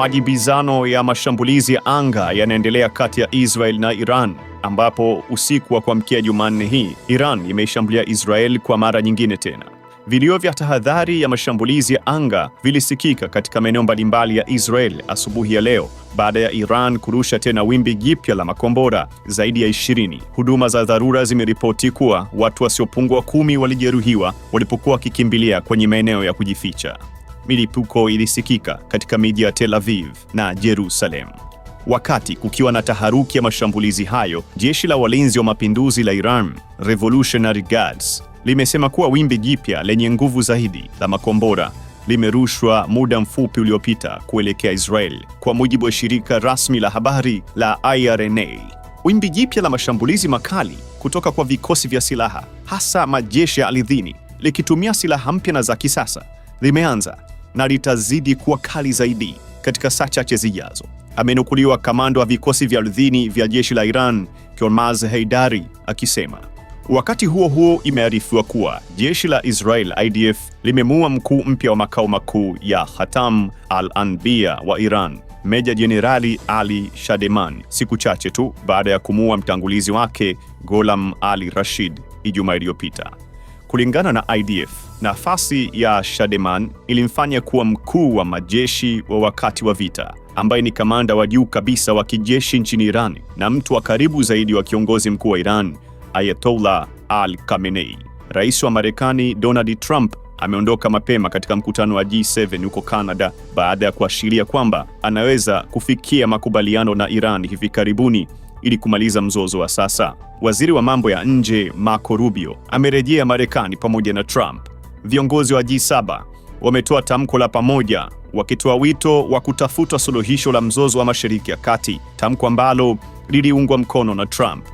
Majibizano ya mashambulizi ya anga yanaendelea kati ya Israel na Iran ambapo usiku wa kuamkia Jumanne hii Iran imeishambulia Israel kwa mara nyingine tena. Vilio vya tahadhari ya mashambulizi ya anga vilisikika katika maeneo mbalimbali ya Israel asubuhi ya leo baada ya Iran kurusha tena wimbi jipya la makombora zaidi ya 20. Huduma za dharura zimeripoti kuwa watu wasiopungua kumi walijeruhiwa walipokuwa wakikimbilia kwenye maeneo ya kujificha. Milipuko ilisikika katika miji ya Tel Aviv na Jerusalem. Wakati kukiwa na taharuki ya mashambulizi hayo, jeshi la walinzi wa mapinduzi la Iran, Revolutionary Guards, limesema kuwa wimbi jipya lenye nguvu zaidi la makombora limerushwa muda mfupi uliopita kuelekea Israel, kwa mujibu wa shirika rasmi la habari la IRNA. Wimbi jipya la mashambulizi makali kutoka kwa vikosi vya silaha, hasa majeshi ya ardhini, likitumia silaha mpya na za kisasa limeanza na litazidi kuwa kali zaidi katika saa chache zijazo, amenukuliwa kamanda wa vikosi vya ardhini vya jeshi la Iran Kilmaz Heidari akisema. Wakati huo huo, imearifiwa kuwa jeshi la Israel IDF limemuua mkuu mpya wa makao makuu ya Khatam al-Anbiya wa Iran Meja Jenerali Ali Shademan siku chache tu baada ya kumuua mtangulizi wake golam Ali Rashid Ijumaa iliyopita. Kulingana na IDF, nafasi ya Shademan ilimfanya kuwa mkuu wa majeshi wa wakati wa vita, ambaye ni kamanda wa juu kabisa wa kijeshi nchini Iran na mtu wa karibu zaidi wa kiongozi mkuu wa Iran, Ayatollah Al Khamenei. Rais wa Marekani Donald Trump ameondoka mapema katika mkutano wa G7 huko Canada baada ya kuashiria kwamba anaweza kufikia makubaliano na Iran hivi karibuni ili kumaliza mzozo wa sasa. Waziri wa mambo ya nje Marco Rubio amerejea Marekani pamoja na Trump. Viongozi wa G7 wametoa tamko la pamoja wakitoa wito wa kutafuta suluhisho la mzozo wa Mashariki ya Kati, tamko ambalo liliungwa mkono na Trump.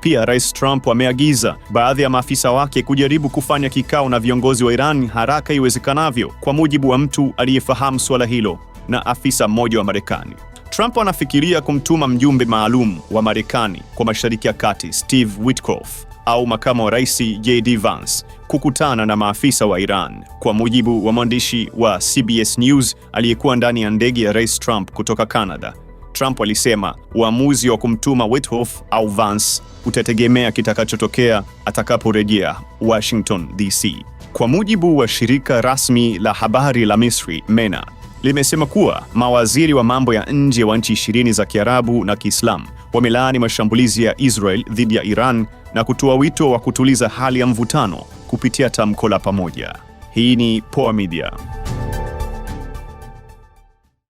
Pia Rais Trump ameagiza baadhi ya maafisa wake kujaribu kufanya kikao na viongozi wa Iran haraka iwezekanavyo, kwa mujibu wa mtu aliyefahamu suala hilo na afisa mmoja wa Marekani. Trump anafikiria kumtuma mjumbe maalum wa Marekani kwa Mashariki ya Kati Steve Witkoff au makamu wa rais JD Vance kukutana na maafisa wa Iran, kwa mujibu wa mwandishi wa CBS News aliyekuwa ndani ya ndege ya Rais Trump kutoka Canada. Trump alisema uamuzi wa kumtuma Witkoff au Vance utategemea kitakachotokea atakaporejea Washington DC. Kwa mujibu wa shirika rasmi la habari la Misri, MENA, limesema kuwa mawaziri wa mambo ya nje wa nchi ishirini za Kiarabu na Kiislamu wamelaani mashambulizi ya Israel dhidi ya Iran na kutoa wito wa kutuliza hali ya mvutano kupitia tamko la pamoja. Hii ni Poa Media.